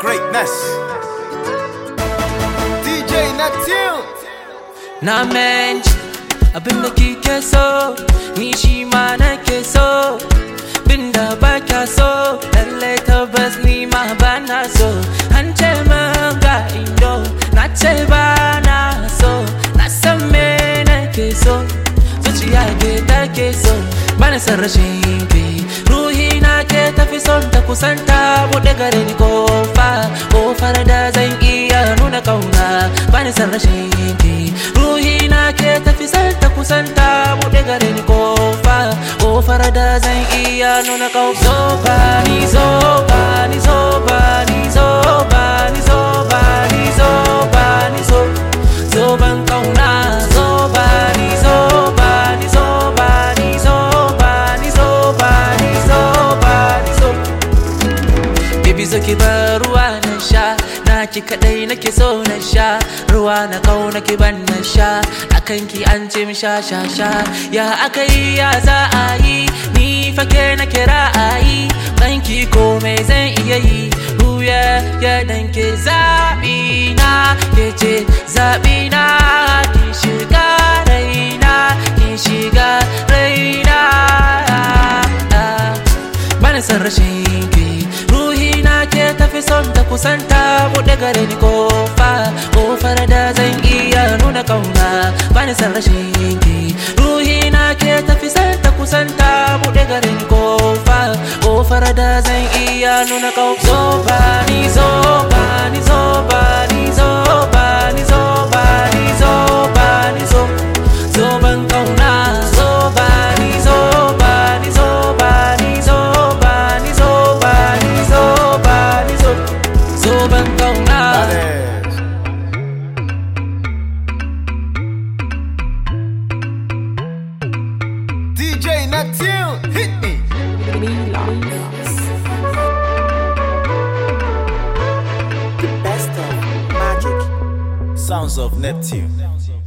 Greatness. DJ Neptune. Na mensch, abin da kike so, ni shi ma nake so. Bin da baka so, lalle tabbas ni ma bana so. An ce min ga indo, na ce na so. Na san me nake so, zuciya ke take so. Bana san rashin ki, son ta kusanta buɗe gare ni kofa kofar da zan iya nuna kauna bani san rashin ruhi na ke ta san ta kusanta buɗe gare ni kofa kofar da zan iya nuna kauna so ni so ki kadai nake so na sha ruwa na kau nake ban na sha akan ki an ce mi sha sha sha ya akai ya za a yi ni fake na kira a ki banki komai zan iya yi huya ya danke zabi na ke ce zabi na ki shiga raina ki shiga raina ah, ah. ban san rashin son ta kusanta buɗe gare ni kofa kofar da zan iya nuna kauna bani san rashin ki ruhi na ke tafi san ta kusanta buɗe gare ni kofa kofar da zan iya nuna kauna zo ba ni zo ba ni zo ba siento nada. DJ Neptune, hit me. The best of magic. Sounds of Neptune.